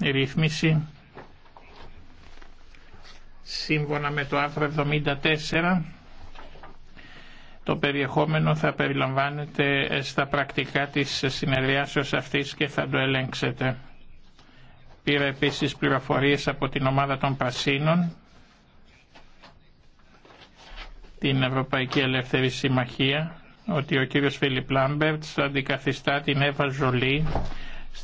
ρύθμιση σύμφωνα με το άρθρο 74 το περιεχόμενο θα περιλαμβάνεται στα πρακτικά της συνεδριάσεως αυτής και θα το ελέγξετε. Πήρα επίσης πληροφορίες από την ομάδα των πασίνων, την Ευρωπαϊκή Ελεύθερη Συμμαχία, ότι ο κύριος Φίλιπ Λάμπερτς αντικαθιστά την Εύα Ζολή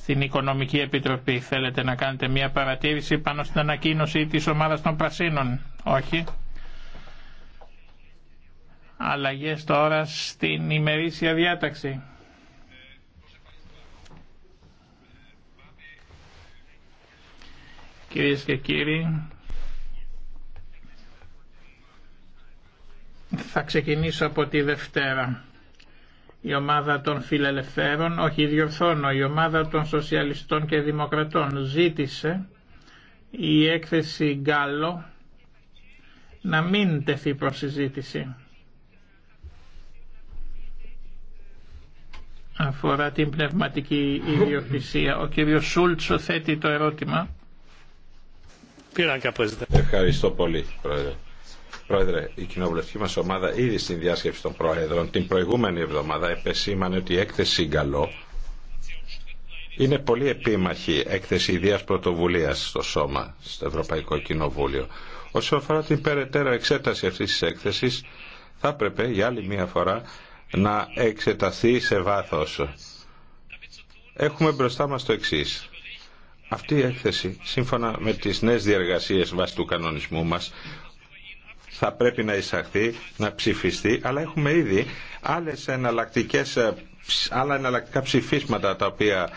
στην Οικονομική Επιτροπή. Θέλετε να κάνετε μια παρατήρηση πάνω στην ανακοίνωση της ομάδας των Πρασίνων. Όχι. Αλλαγές τώρα στην ημερήσια διάταξη. Κυρίες και κύριοι, θα ξεκινήσω από τη Δευτέρα η ομάδα των φιλελευθέρων, όχι διορθώνω, η ομάδα των σοσιαλιστών και δημοκρατών ζήτησε η έκθεση Γκάλο να μην τεθεί προς Αφορά την πνευματική ιδιοκτησία. Ο κύριος Σούλτσο θέτει το ερώτημα. Ευχαριστώ πολύ, Πρόεδρε. Πρόεδρε, η κοινοβουλευτική μα ομάδα ήδη στην διάσκεψη των Προέδρων την προηγούμενη εβδομάδα επεσήμανε ότι η έκθεση Γκαλό είναι πολύ επίμαχη έκθεση ιδίας πρωτοβουλίας στο Σώμα, στο Ευρωπαϊκό Κοινοβούλιο. Όσον αφορά την περαιτέρω εξέταση αυτής τη έκθεσης, θα έπρεπε για άλλη μία φορά να εξεταθεί σε βάθο. Έχουμε μπροστά μα το εξή. Αυτή η έκθεση, σύμφωνα με τις νέες διεργασίες βάσει του κανονισμού μας, θα πρέπει να εισαχθεί, να ψηφιστεί, αλλά έχουμε ήδη άλλες εναλλακτικές ε, άλλα εναλλακτικά ψηφίσματα τα οποία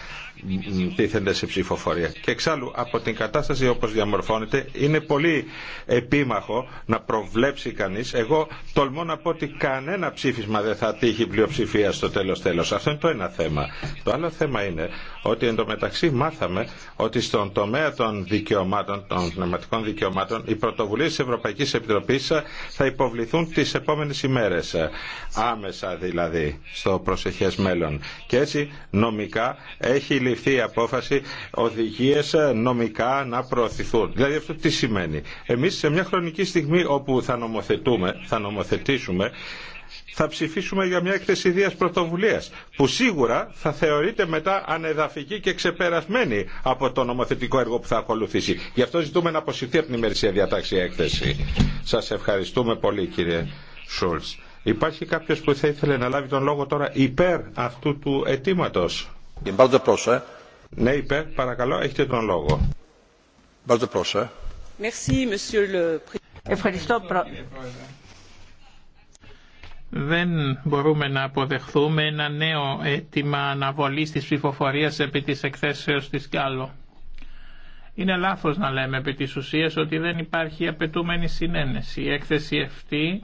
τίθενται σε ψηφοφορία. Και εξάλλου από την κατάσταση όπως διαμορφώνεται είναι πολύ επίμαχο να προβλέψει κανείς. Εγώ τολμώ να πω ότι κανένα ψήφισμα δεν θα τύχει πλειοψηφία στο τέλος τέλος. Αυτό είναι το ένα θέμα. Το άλλο θέμα είναι ότι εντωμεταξύ μάθαμε ότι στον τομέα των δικαιωμάτων, των πνευματικών δικαιωμάτων, οι πρωτοβουλίε της Ευρωπαϊκής Επιτροπής θα υποβληθούν τις επόμενες ημέρες. Άμεσα δηλαδή στο προσεχές μέλλον. Και έτσι νομικά έχει ληφθεί η απόφαση οδηγίες ε, νομικά να προωθηθούν. Δηλαδή αυτό τι σημαίνει. Εμεί, σε μια χρονική στιγμή όπου θα νομοθετούμε, θα νομοθετήσουμε, θα ψηφίσουμε για μια έκθεση ιδίας πρωτοβουλίας που σίγουρα θα θεωρείται μετά ανεδαφική και ξεπερασμένη από το νομοθετικό έργο που θα ακολουθήσει. Γι' αυτό ζητούμε να αποσυρθεί από την ημερησία διατάξη έκθεση. Σας ευχαριστούμε πολύ κύριε Σούλτς. Υπάρχει κάποιος που θα ήθελε να λάβει τον λόγο τώρα υπέρ αυτού του αιτήματος. Eh. Ναι, υπέρ, παρακαλώ, έχετε τον λόγο. Ε. Ευχαριστώ, Δεν μπορούμε να αποδεχθούμε ένα νέο αίτημα αναβολής της ψηφοφορία επί της εκθέσεως της Γκάλο. Είναι λάθος να λέμε επί της ουσίας ότι δεν υπάρχει απαιτούμενη συνένεση. Η έκθεση αυτή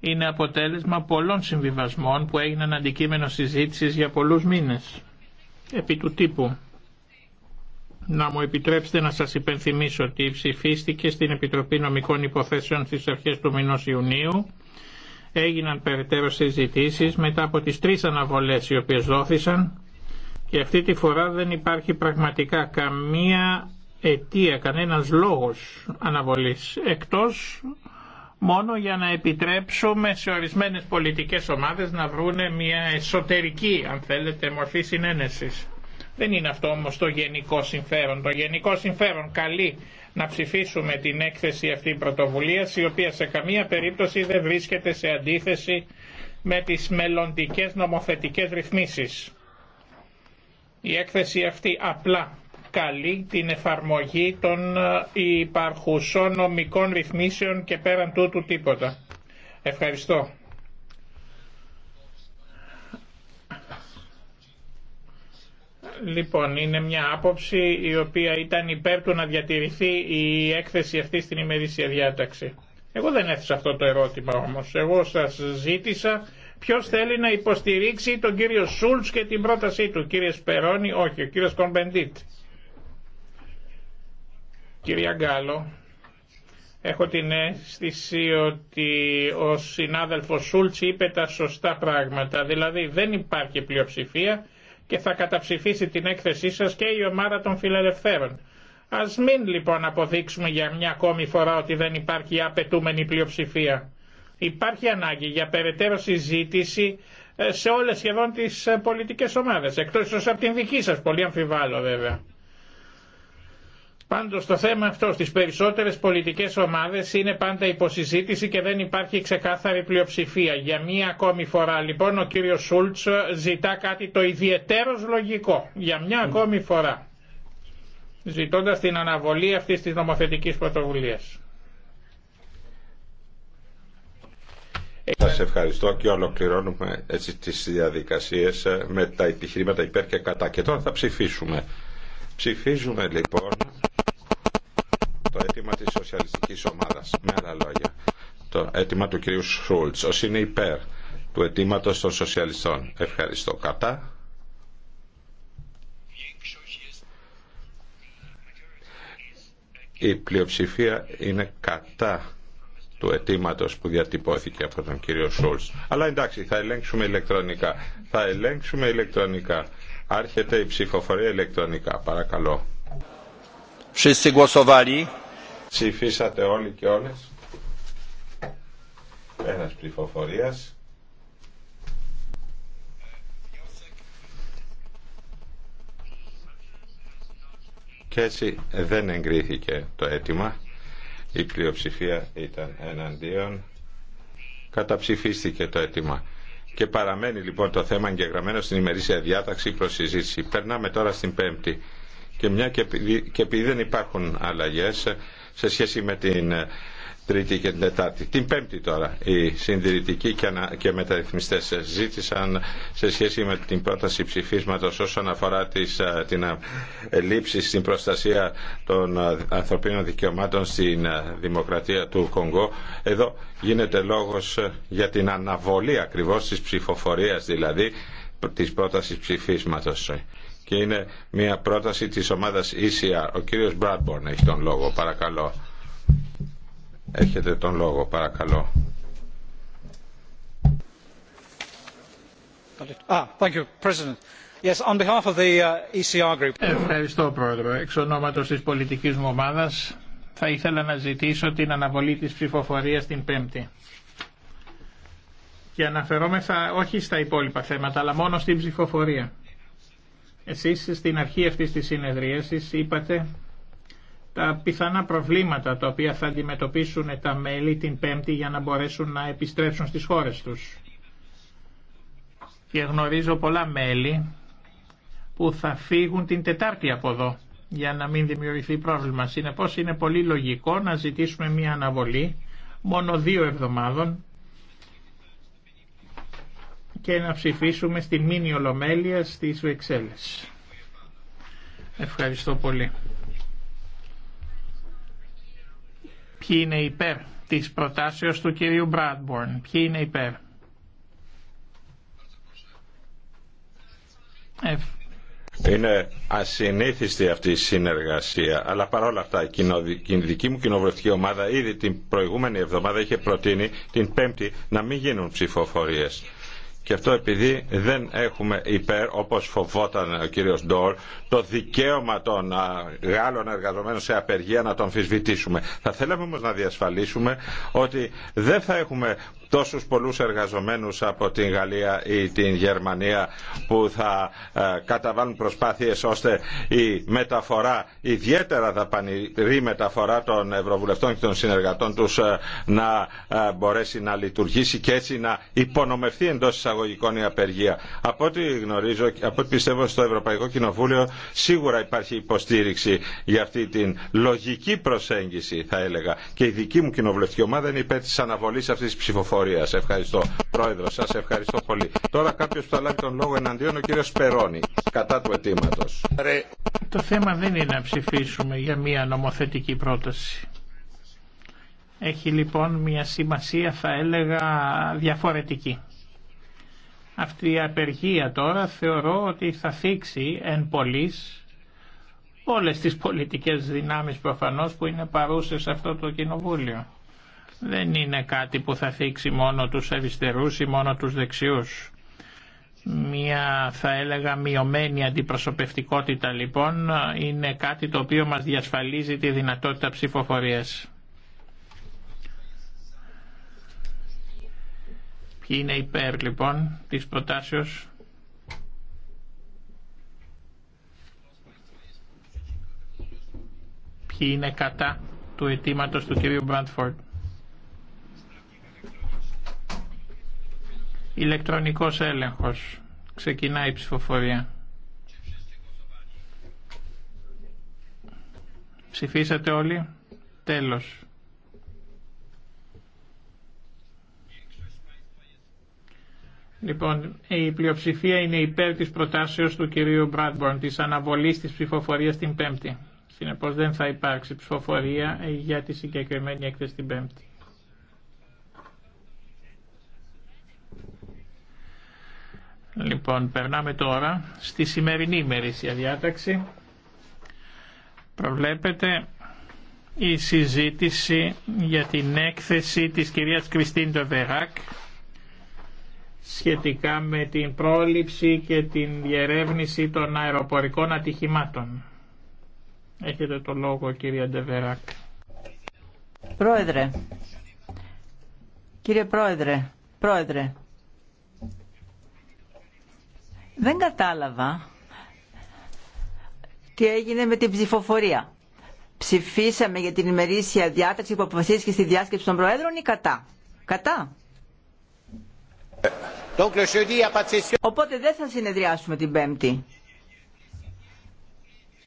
είναι αποτέλεσμα πολλών συμβιβασμών που έγιναν αντικείμενο συζήτησης για πολλούς μήνες επί του τύπου. Να μου επιτρέψετε να σας υπενθυμίσω ότι ψηφίστηκε στην Επιτροπή Νομικών Υποθέσεων στις αρχές του μηνός Ιουνίου. Έγιναν περαιτέρω συζητήσει μετά από τις τρεις αναβολές οι οποίες δόθησαν και αυτή τη φορά δεν υπάρχει πραγματικά καμία αιτία, κανένας λόγος αναβολής εκτός μόνο για να επιτρέψουμε σε ορισμένες πολιτικές ομάδες να βρούνε μια εσωτερική, αν θέλετε, μορφή συνένεσης. Δεν είναι αυτό όμως το γενικό συμφέρον. Το γενικό συμφέρον καλεί να ψηφίσουμε την έκθεση αυτή πρωτοβουλία, η οποία σε καμία περίπτωση δεν βρίσκεται σε αντίθεση με τις μελλοντικές νομοθετικές ρυθμίσεις. Η έκθεση αυτή απλά καλή την εφαρμογή των ε, υπαρχουσών νομικών ρυθμίσεων και πέραν τούτου τίποτα. Ευχαριστώ. Λοιπόν, είναι μια άποψη η οποία ήταν υπέρ του να διατηρηθεί η έκθεση αυτή στην ημερήσια διάταξη. Εγώ δεν έθεσα αυτό το ερώτημα όμως. Εγώ σας ζήτησα ποιος θέλει να υποστηρίξει τον κύριο Σούλτς και την πρότασή του. Κύριε Σπερώνη, όχι, ο κύριος Κομπεντήτ. Κυρία Γκάλο, έχω την αίσθηση ότι ο συνάδελφος Σούλτς είπε τα σωστά πράγματα, δηλαδή δεν υπάρχει πλειοψηφία και θα καταψηφίσει την έκθεσή σας και η ομάδα των φιλελευθέρων. Ας μην λοιπόν αποδείξουμε για μια ακόμη φορά ότι δεν υπάρχει απαιτούμενη πλειοψηφία. Υπάρχει ανάγκη για περαιτέρω συζήτηση ε, σε όλες σχεδόν τις ε, πολιτικές ομάδες, εκτός από την δική σας, πολύ αμφιβάλλω βέβαια. Πάντως το θέμα αυτό στις περισσότερες πολιτικές ομάδες είναι πάντα υποσυζήτηση και δεν υπάρχει ξεκάθαρη πλειοψηφία. Για μία ακόμη φορά λοιπόν ο κύριος Σούλτς ζητά κάτι το ιδιαιτέρως λογικό. Για μία ακόμη φορά. Ζητώντας την αναβολή αυτής της νομοθετικής πρωτοβουλία. Σα ευχαριστώ και ολοκληρώνουμε έτσι τις διαδικασίες ε, με τα επιχειρήματα υπέρ και κατά. Και τώρα θα ψηφίσουμε. Ψηφίζουμε λοιπόν αίτημα της Σοσιαλιστικής Ομάδας. Με άλλα λόγια, το αίτημα του κυρίου Σούλτς. Όσοι είναι υπέρ του αιτήματο των Σοσιαλιστών. Ευχαριστώ. Κατά. Η πλειοψηφία είναι κατά του αιτήματο που διατυπώθηκε από τον κύριο Σούλτς Αλλά εντάξει, θα ελέγξουμε ηλεκτρονικά. Θα ελέγξουμε ηλεκτρονικά. Άρχεται η ψηφοφορία ηλεκτρονικά. Παρακαλώ. Wszyscy głosowali. Ψηφίσατε όλοι και όλες. Ένας ψηφοφορίας. Και έτσι δεν εγκρίθηκε το αίτημα. Η πλειοψηφία ήταν εναντίον. Καταψηφίστηκε το αίτημα. Και παραμένει λοιπόν το θέμα εγγεγραμμένο στην ημερήσια διάταξη προς συζήτηση. Περνάμε τώρα στην Πέμπτη. Και μια και επειδή δεν υπάρχουν αλλαγές, σε σχέση με την ε, Τρίτη και την Τετάρτη. Την Πέμπτη τώρα οι συντηρητικοί και μεταρρυθμιστές ζήτησαν σε σχέση με την πρόταση ψηφίσματος όσον αφορά τις, ε, την ε, λήψη στην προστασία των ανθρωπίνων δικαιωμάτων στην δημοκρατία του Κονγκό. Εδώ γίνεται λόγος για την αναβολή ακριβώς της ψηφοφορίας δηλαδή της πρότασης ψηφίσματος και είναι μια πρόταση της ομάδας ECR. Ο κύριος Μπράτμπορν έχει τον λόγο, παρακαλώ. Έχετε τον λόγο, παρακαλώ. Ευχαριστώ, πρόεδρο. Εξ ονόματος της πολιτικής μου ομάδας θα ήθελα να ζητήσω την αναβολή της ψηφοφορίας την Πέμπτη. Και αναφερόμεθα όχι στα υπόλοιπα θέματα, αλλά μόνο στην ψηφοφορία. Εσείς στην αρχή αυτής της συνεδρίασης είπατε τα πιθανά προβλήματα τα οποία θα αντιμετωπίσουν τα μέλη την Πέμπτη για να μπορέσουν να επιστρέψουν στις χώρες τους. Και γνωρίζω πολλά μέλη που θα φύγουν την Τετάρτη από εδώ για να μην δημιουργηθεί πρόβλημα. Συνεπώς είναι πολύ λογικό να ζητήσουμε μια αναβολή μόνο δύο εβδομάδων και να ψηφίσουμε στην μήνυ Ολομέλεια στι Βεξέλλε. Ευχαριστώ πολύ. Ποιοι είναι υπέρ της προτάσεως του κυρίου Μπράντμπορν. Ποιοι είναι υπέρ. Είναι ασυνήθιστη αυτή η συνεργασία, αλλά παρόλα αυτά η δική μου κοινοβουλευτική ομάδα ήδη την προηγούμενη εβδομάδα είχε προτείνει την Πέμπτη να μην γίνουν ψηφοφορίες. Και αυτό επειδή δεν έχουμε υπέρ, όπως φοβόταν ο κύριος Ντόρ, το δικαίωμα των Γάλλων εργαζομένων σε απεργία να τον αμφισβητήσουμε. Θα θέλαμε όμως να διασφαλίσουμε ότι δεν θα έχουμε τόσους πολλούς εργαζομένους από την Γαλλία ή την Γερμανία που θα καταβάλουν προσπάθειες ώστε η μεταφορά, ιδιαίτερα δαπανηρή μεταφορά των Ευρωβουλευτών και των συνεργατών τους να μπορέσει να λειτουργήσει και έτσι να υπονομευθεί εντός εισαγωγικών η απεργία. Από ό,τι γνωρίζω, από ό,τι πιστεύω στο Ευρωπαϊκό Κοινοβούλιο, σίγουρα υπάρχει υποστήριξη για αυτή την λογική προσέγγιση, θα έλεγα. Και η δική μου κοινοβουλευτική ομάδα είναι υπέρ τη αναβολή αυτή τη ψηφοφορία. Ευχαριστώ. Πρόεδρο, σα ευχαριστώ πολύ. Τώρα κάποιο που θα λάβει τον λόγο εναντίον, ο κύριο Σπερώνη, κατά του αιτήματο. Το θέμα δεν είναι να ψηφίσουμε για μια νομοθετική πρόταση. Έχει λοιπόν μια σημασία θα έλεγα διαφορετική. Αυτή η απεργία τώρα θεωρώ ότι θα θίξει εν πολλής όλες τις πολιτικές δυνάμεις προφανώς που είναι παρούσες σε αυτό το κοινοβούλιο. Δεν είναι κάτι που θα θίξει μόνο τους αριστερούς ή μόνο τους δεξιούς. Μία θα έλεγα μειωμένη αντιπροσωπευτικότητα λοιπόν είναι κάτι το οποίο μας διασφαλίζει τη δυνατότητα ψηφοφορίας. Ποιοι είναι υπέρ λοιπόν της προτάσεως. Ποιοι είναι κατά του αιτήματο του κυρίου Μπραντφορντ. Ηλεκτρονικός έλεγχος. Ξεκινάει η ψηφοφορία. Ψηφίσατε όλοι. Τέλος. Λοιπόν, η πλειοψηφία είναι υπέρ της προτάσεως του κυρίου Μπράτμπορν, της αναβολής της ψηφοφορίας την Πέμπτη. Συνεπώς δεν θα υπάρξει ψηφοφορία για τη συγκεκριμένη έκθεση την Πέμπτη. Λοιπόν, περνάμε τώρα στη σημερινή ημερήσια διάταξη. Προβλέπεται η συζήτηση για την έκθεση της κυρίας Κριστίν Τεβεράκ σχετικά με την πρόληψη και την διερεύνηση των αεροπορικών ατυχημάτων. Έχετε το λόγο κύριε Ντεβεράκ. Πρόεδρε, κύριε Πρόεδρε, Πρόεδρε, δεν κατάλαβα τι έγινε με την ψηφοφορία. Ψηφίσαμε για την ημερήσια διάταξη που αποφασίστηκε στη διάσκεψη των Προέδρων ή κατά. Κατά. Ε, Οπότε δεν θα συνεδριάσουμε την Πέμπτη.